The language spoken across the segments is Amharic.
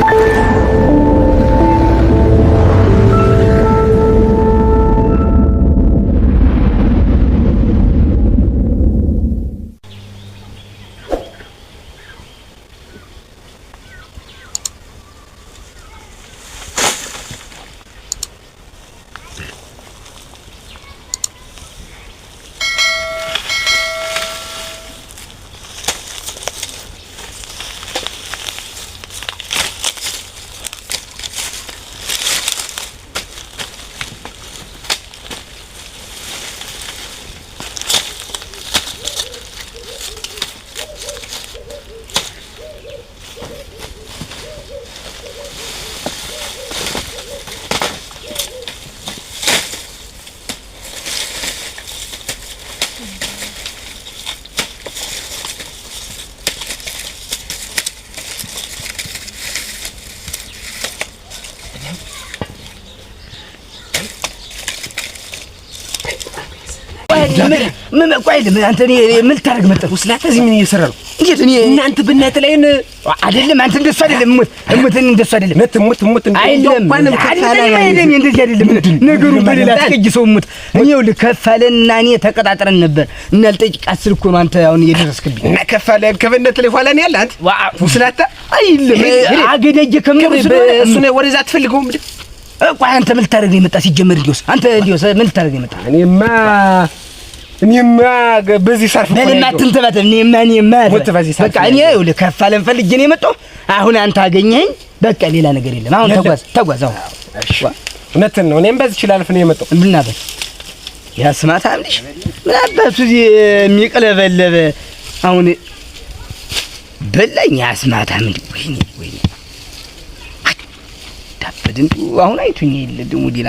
Thank you ምን ቆይ ልም አንተ እኔ ምን ልታደርግ መጣህ? ወስላታ እዚህ ምን እየሰራ ነው? እንዴት እኔ እናንተ ብናት ላይ አይደለም። አንተ እንደሱ አይደለም። ሙት ሙት እንደሱ አይደለም። ሙት ሙት ሙት አይደለም። አይደለም እንደዚህ አይደለም ነገሩ። በሌላ ትቅጅ ሰው ሙት እኔው ልከፋለና እኔ ተቀጣጥረን ነበር እና ልጠይቃት ስልክ ነው አንተ አሁን እየደረስክብኝ እና ከፋለ ከበነት ላይ ኋላ ነው ያለ አንተ ወስላታ አይደለም አገደጀ ከምር እሱ ነው ወደዛ ትፈልገው ምድ ቆይ አንተ ምን ልታደርግ ነው የመጣህ? ሲጀመር እንዲወስ አንተ እንዲወስ ምን ልታደርግ ነው የመጣህ? እኔማ እኔማ በዚህ ሰርፍ ምንም አትንተበት። እኔማ እኔማ በቃ እኔ ይኸውልህ ከፍ አለም ፈልጌ ነው የመጣው። አሁን አንተ አገኘኸኝ፣ በቃ ሌላ ነገር የለም። አሁን ተጓዝ ተጓዝ። አሁን እውነትን ነው። እኔም በዚህ ይችላልፍ ነው የመጣው። ብናበት ያ ስማታ አምልሽ ምን አባቱ እዚህ የሚቅለበለበ አሁን በላኝ። አስማታ ምን ወይኔ ወይኔ አዳበድን አሁን አይቱኝ የለ ደሞ ሌላ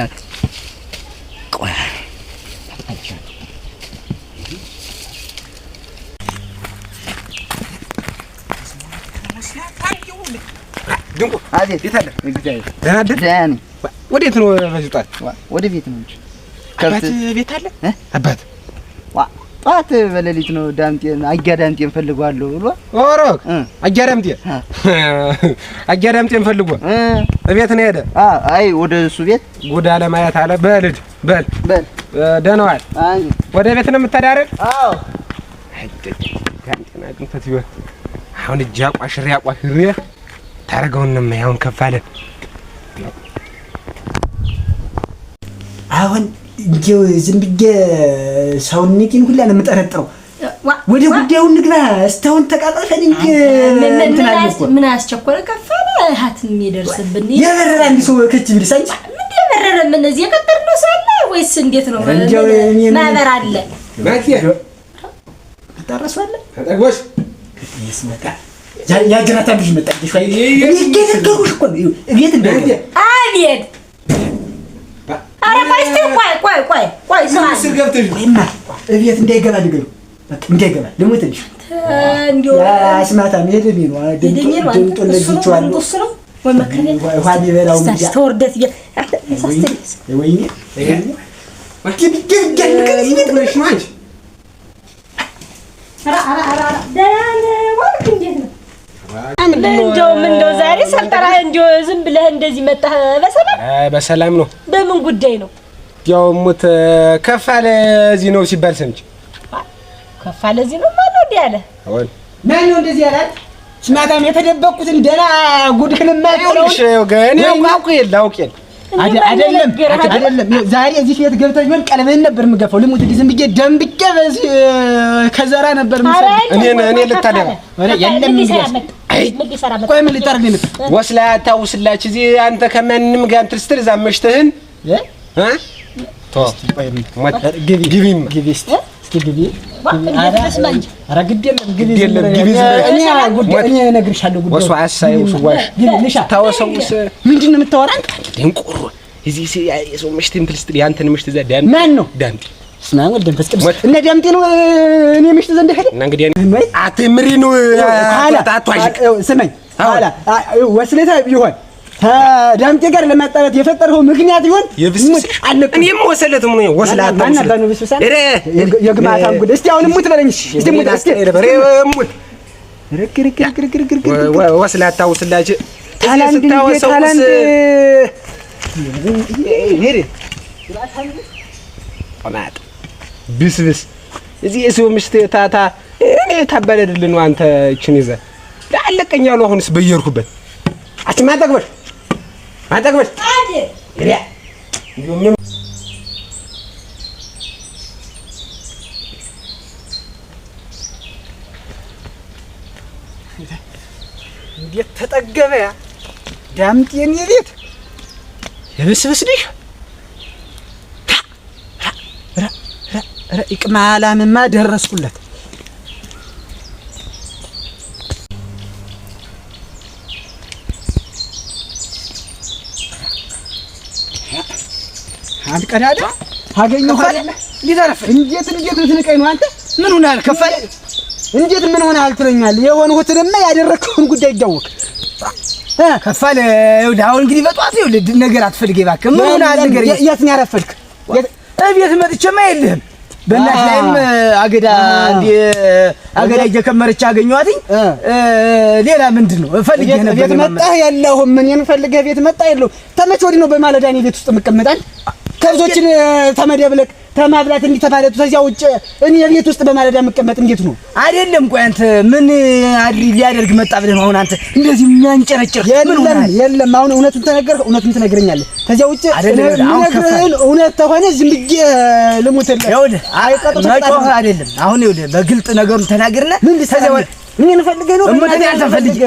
ድንቁ አቤት፣ የት አለ? ነው? በዚህ ወደ ቤት ነው እንጂ አባት ቤት አለ? አባት ዋ ጧት በሌሊት ነው ዳምጤን አጊያ ዳምጤን ፈልጓለሁ ብሎ ኦሮክ አጊያ ዳምጤ አጊያ ዳምጤን ፈልጎ እቤት ነው ሄደ። አይ ወደ እሱ ቤት ጉዳ ለማየት አለ። በልድ በል በል ደህና ዋል። ወደ ቤት ነው የምታዳረግ? አዎ አይ ዳምጤን አግኝተት ይሆን አሁን እጅ አቋሽሬ አቋሽሬ ታደርገውን ነው የማይሆን አሁን እንዲያው ዝም ብዬ ሰውነቴን ሁላ ነው የምጠረጥረው። ወደ ጉዳዩ ንግባ። እስካሁን ተቃጥረን ምን አስቸኮረ? ከፍ አለ የሚደርስብን የበረረ አንድ ሰው ከች ቢልሳ ምን የበረረ ምን እዚህ የቀጠርነው ሰው አለ ወይስ እንዴት ነው? ማህበር አለ ማክያ ታረሷለ ተጠግቦሽ ይስመጣል ያጀናታ ልጅ መጣ። ይገለገሉሽ እኮ እቤት እንደ አቤት። ኧረ ቆይ እስኪ ቆይ ቆይ ቆይ ቆይ እቤት እንዳይገባ ንገሪው፣ በቃ እንዳይገባ ልሙትልሽ። አስማታ መሄድ እኔ ነው ድምጡን ለግቼዋለሁ። ውሃ የሚበላው ተወርደት ወይኔ ገለገል እንደው እንደው ዛሬ ሰልጠራህ እንደው ዝም ብለህ እንደዚህ መጣህ በሰላም በሰላም ነው። በምን ጉዳይ ነው? ያው ሙት ከፍ እዚህ ነው ሲባል ሰምቼ ከፍ እዚህ ነው ማነው እንዲህ ያለ? ማን ነው እንደዚህ ያላት? ስማታም የተደበቅኩትን ደህና ጉድክን ማለሽ ገኔ አውቅ የለ አውቅ አይደለም አይደለም። ዛሬ እዚህ ቤት ገብተሽ ቢሆን ቀለበህን ነበር የምገፋው። ልሙት ዝም ብዬ ደንብቄ በዚህ ከዘራ ነበር የምሰራው እኔ እኔ ልታደራ የለም ቆይ ምን ሊጠር ወስላ ታውስላች እዚህ አንተ ከማንም ጋር እንትን ስትል እዛ መሽተህን ምንድን ነው የምታወራን? ማን ነው ስማ ደንፈስ መንፈስ ቅዱስ እነ ዳምጤ ነው እኔ ምሽት ዘንድ ሄደ እና እንግዲህ አትምሪ ነው ስመኝ ኋላ ወስለታ ቢሆን ከዳምጤ ጋር ለማጣላት የፈጠረው ምክንያት ቢሆን እኔም ወሰለት ምን ነው ወስላት የግማታም ጉድ እስቲ አሁን ሙት በለኝ። እስቲ ሙት እስቲ ሙት ወስላታ ብስብስ እዚህ የሰው ምሽት ታታ እኔ ታበለድልን ነው። አንተ እችን ይዘ አለቀኝ አሉ። አሁንስ በየርኩበት አች ማጠቅበል ማጠቅበል እንዴት ተጠገበ ያ ዳምጤን የቤት የብስብስ ነሽ ማላምማ ደረስኩለት። አንተ ቀዳዳ አገኘሁ አይደለ? እንዴት እንዴት ልትንቀኝ ነው አንተ? ምን ሆነሃል? ከፋይ እንዴት ምን ሆነሃል ትለኛለህ? የሆንሁትንማ ያደረግከውን ጉዳይ ይታወቅ እ ይኸውልህ፣ አሁን እንግዲህ በጠዋት ይኸውልህ፣ ነገር አትፈልገኝ እባክህ። ምን ሆነሃል? ነገር የት ነው ያረፈልክ? እቤት መጥቼማ የለህም በእናት ላይም አገዳ እንደ አገዳ እየከመረች አገኘኋትኝ። ሌላ ምንድን ነው ነበር። ቤት መጣህ ቤት መጣህ ተመቼ ወዲህ ነው በማለዳ እኔ ቤት ውስጥ የምቀመጣል? ተመደብለቅ ከማብላት እንዲህ ተማለቱ። ከዚያ ውጭ እኔ የቤት ውስጥ በማለዳ መቀመጥ እንዴት ነው? አይደለም። ቆይ አንተ ምን ሊያደርግ መጣ ብለህ ነው አሁን አንተ እንደዚህ የሚያንጨረጭር? የለም የለም። አሁን እውነቱን ተነገርህ፣ እውነቱን ትነግረኛለህ። ከዚያ ውጭ ነግርህን እውነት ተሆነ ዝም ብዬ ልሙትልህ። ይኸውልህ መጮህ አይደለም አሁን ይኸውልህ፣ በግልጥ ነገሩን ተናገርና ምን ልሰራ ምን እንፈልገህ ነው? ምን ላደርግ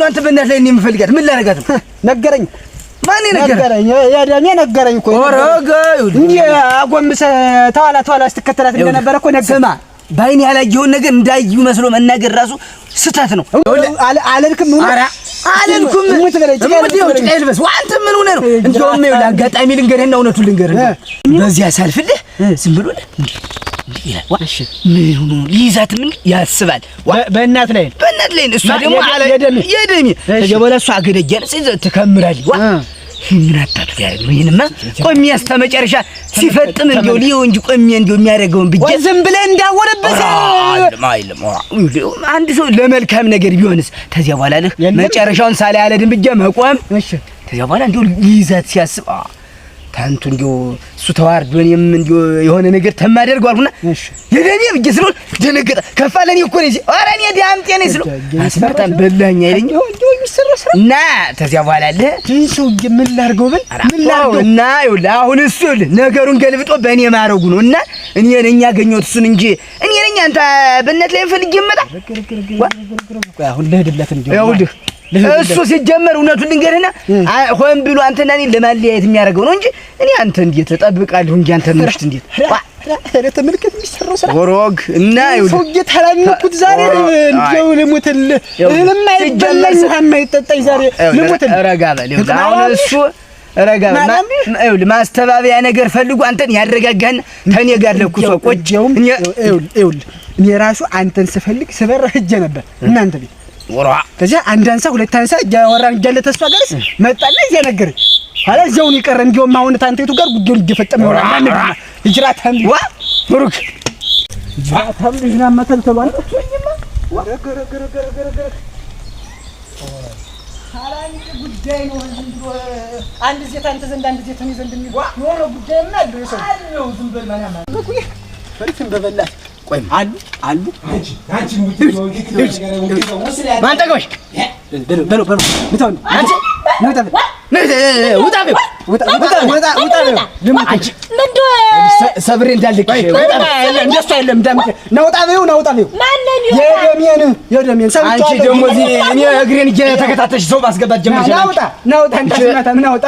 ነው? አንተ በእናትህ ላይ እኔ የምፈልጋት ምን ላደርጋት ነው? ነገረኝ ማን ነገረኝ? ያዳሜ ነገረኝ እኮ ስትከተላት እንደነበረ እኮ ስማ ያላየሁን ነገር እንዳዩ መስሎ መናገር ራሱ ስህተት ነው። አለልክም አለልኩም ጭቃ ይልበስ አንተ ምን ሆነ ነው? እንደውም አጋጣሚ ልንገርህና እውነቱን ልንገርህ በዚህ አሳልፍልህ ዝም ብሎ ይላል ምን ሆኖ ሊይዛትም ያስባል። በእናት ላይ በእናት ላይ እሷ ደግሞ አለ የደሚ የደሚ ተጀበለ እሷ አገደጃን ሲዘት ትከምራለች። ዋ ምን አባቱ ያደርግ ነው? ይሄንማ ቆሜ እስከ መጨረሻ ሲፈጥም እንደው ሊዮ እንጂ ቆሜ እንደው የሚያደርገውን ብቻ ዝም ብለህ እንዳወረበሰ አንድ ሰው ለመልካም ነገር ቢሆንስ ተዚያ በኋላ ልህ መጨረሻውን ሳላ ያለ ድንብጃ መቆም ተዚያ በኋላ እንደው ሊይዛት ሲያስብ ታንቱ እንዲሁ እሱ ተዋርዶንም እንዲሁ የሆነ ነገር ተማደርገው አልኩና የደኔ ብዬ ስለሆን ደነገጠ። ከፍ አለ። እኔ እኮ ነኝ ኧረ እኔ ዳምጤ ነኝ ስለው አስመጣን በላኝ አይለኝ እና ተዚያ በኋላ አለ ትንሽውዬ ምን ላድርገው ብል ምን ላድርገው እና ይኸውልህ አሁን እሱ ይኸውልህ ነገሩን ገልብጦ በእኔ ማረጉ ነው እና እኔ ነኝ ያገኘሁት እሱን እንጂ እኔ ነኝ አንተ በእነት ላይ ፈልጌ መጣ አሁን ልሂድለት እንጂ ይኸውልህ እሱ ሲጀመር እውነቱን ልንገርህና ሆን ብሎ አንተና እኔን ለማለያየት የሚያደርገው ነው እንጂ እኔ አንተ እንዴት ተጠብቃለሁ እንጂ አንተ ምርሽት እንዴት ተመልከት፣ የሚሰራው ስራ ወሮግ እና ሰው እየተላነኩት ዛሬ እንደው ልሙትልህ፣ ለማይበላኝ የማይጠጣኝ ዛሬ ልሙትልህ። ረጋ በል አሁን እሱ ረጋ በል። ማስተባበያ ነገር ፈልጉ አንተን ያረጋጋህና ተኔ ጋር ለኩሶ ቆጭ። ይኸውልህ እኔ ራሱ አንተን ስፈልግ ስበራ ሂጅ ነበር እናንተ ቤት ከዚያ አንድ አንሳ ሁለት አንሳ እያወራን እያለ ተስፋ መጣና ኋላ እዚያውን እንዲሁም አሁን ታንቴቱ ጋር እየፈጠመ ይሆናል። ነው። ጉዳይ ቆይ አሉ አሉ ማን ጠቀመሽ? በለው በለው ሰብሬ እንዳልክ እንደሱ አይደለም። ናውጣ በይው ናውጣ በይው የደሜን የደሜን አንቺ ደግሞ እዚህ እኔ እግሬን እየተከታተልሽ ሰው ባስገባት ጀመርሽ። ናውጣ ናውጣ ናውጣ ናውጣ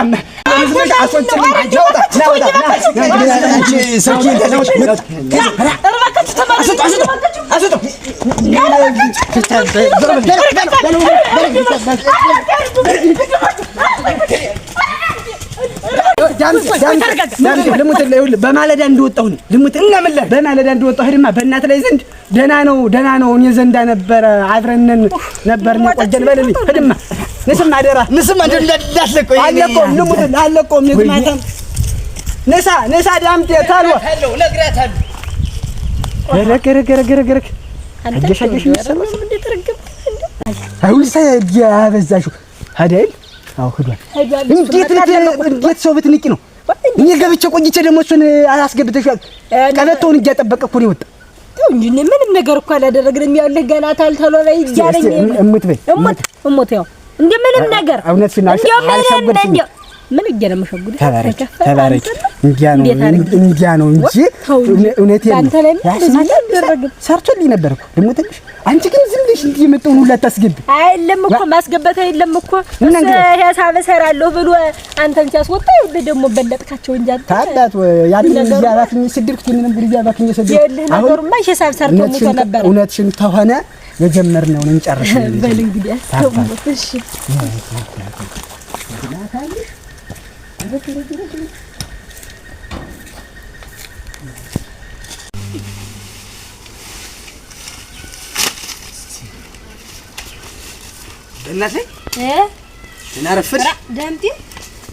በማለዳ እንደወጣሁ ነው ልሙት። እና በማለዳ እንደወጣሁ ድማ በእናት ላይ ዘንድ ደህና ነው ደህና ነው። እኔ ዘንዳ ነበረ አብረንን ነበር ቆጀን በልልኝ ድማ ንስም አደራ ንስም አለቆም ልሙት አለቆም ይግማታም ንሳ ንሳ ዳምጤ ታልዋ ገረገረገረገረግ አጀሻጀሽ የሚሰማ አሁን ሳይ አበዛሽው አይደል አዎ ሄዷል። እንዴት ሰው ብትንቂ ነው? እኔ ገብቼ ቆይቼ ደግሞ እሱን አስገብተሽዋል። ቀበቶውን እያጠበቀ እኮ ነው የወጣ እንጂ ምንም ነገር እኮ አላደረግንም። ያለህ ገና ታልተሎ ላይ እያለኝ እሙት በይ እሙት እሙት ያው እንደ ምንም ነገር እውነት ሲናሽ አልሰበድሽም ምን እያለ መሸጉድ ተባረክ ተባረክ። እንዲያ ነው እንዲያ ነው እንጂ እውነቴን ሰርቶልኝ ነበር እኮ ደግሞ ትንሽ። አንቺ ግን ዝም ብለሽ እንዲህ የመጣውን ሁላ ታስገቢ። የለም እኮ ማስገበት የለም እኮ ሂሳብ እሰራለሁ ብሎ አንተን ሲያስወጣ ይኸውልህ ደግሞ በለጥካቸው እንጂ አንተ ታዲያ ያንን እዚያ እባክኝ ስድብኩት የምንም ብሎ እዚያ እባክኝ ስድብኩት። ነገሩማ ሂሳብ ሰርቶ ሞቶ ነበር። እውነትሽን ተሆነ የጀመርነውን እንጨርስ በል እንግዲህ። እሺ Udah kiri kiri Dan Dengar sih? Ya.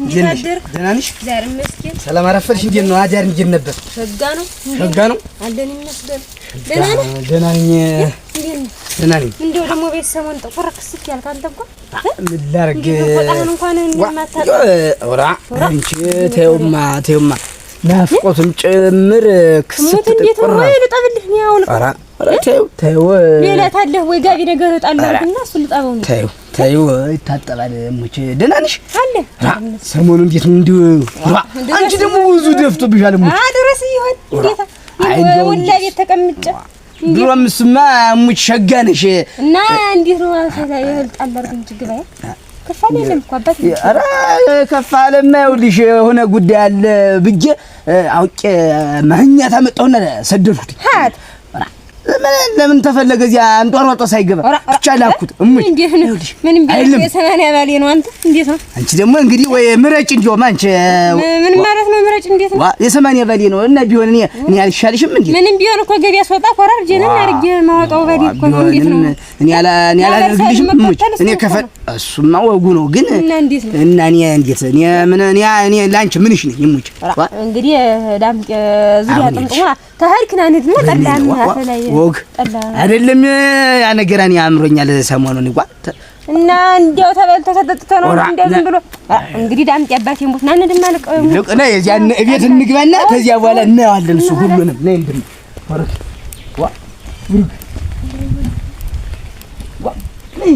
እንዴት አደርክ? ደህና ነሽ? እግዚአብሔር ሰላም አረፈልሽ? እንዴት ነው አዳር? እንዴት ነበር? ሸጋ ነው ሸጋ ነው አንቺ ተይውማ ተይውማ ናፍቆቱም ጭምር ክስት ሌላ ታለህ ወይ ጋቢ ነገር እጣለሁ እና እሱን ልጠበው ነው ተይው ይታጠባል። እሞቼ ደህና ነሽ? አለ ሰሞኑን እንዴት ነው እንዲሁ? አንቺ ደግሞ ብዙ ደፍቶብሻል። እሞቼ አድረስ ይሆን እንዴት? ወላ ቤት ተቀምጬ ድሮም እሱማ ሸጋ ነሽ እና እንዴት ነው ይኸውልህ፣ ጣል አድርገን ችግር አይደል ከፍ አለ የለም እኮ አባት ኧረ ከፍ ይኸውልሽ የሆነ ጉዳይ አለ ብዬሽ አውቄ መህኛት አመጣሁና ሰደድኩት። ለምን ተፈለገ? እዚያ አንጧሯጦ ሳይገባ ብቻ ላኩት። እሙይ እንዴት ነው? ምንም ቢሆን የሰማንያ ባሌ ነው። አንተ እንዴት ነው? አንቺ ደግሞ እንግዲህ ወይ ምረጭ። እንደውም አንቺ ምን ማለት ነው ምረጭ? እንዴት ነው? የሰማንያ ባሌ ነው እና ቢሆን እኔ እኔ አልሻልሽም እንዴ? ምንም ቢሆን እኮ ገቢያ ስወጣ ኮራር ጀነን አርጌ ማወጣው ባሌ እኮ ነው። እንዴት ነው? እኔ አላ እኔ አላ አድርግልሽም እኔ ከፈል እሱማ ወጉ ነው ግን እና እንዴት እና እኔ እንዴት እኔ ምን እኔ እኔ ላንቺ ምንሽ ነኝ? እሙጭ እንግዲህ ዳም ዙሪያ ጥምጥሙና ተህርክና እንዴት ነው ጠላን አፈላይ ወግ አይደለም ያ ነገር እኔ አምሮኛል ሰሞኑን ይጓ እና እንዲያው ተበልቶ ተጠጥቶ ነው እንዲያው ዝም ብሎ እንግዲህ ዳም ጠባቴ እንቡት ናን እንደማልቀ ልቅ ነው የዚያ እቤት እንግባና ከዚያ በኋላ እናየዋለን። እሱ ሁሉንም ነይ እንድን ወርክ ዋ ብሩክ ዋ ነይ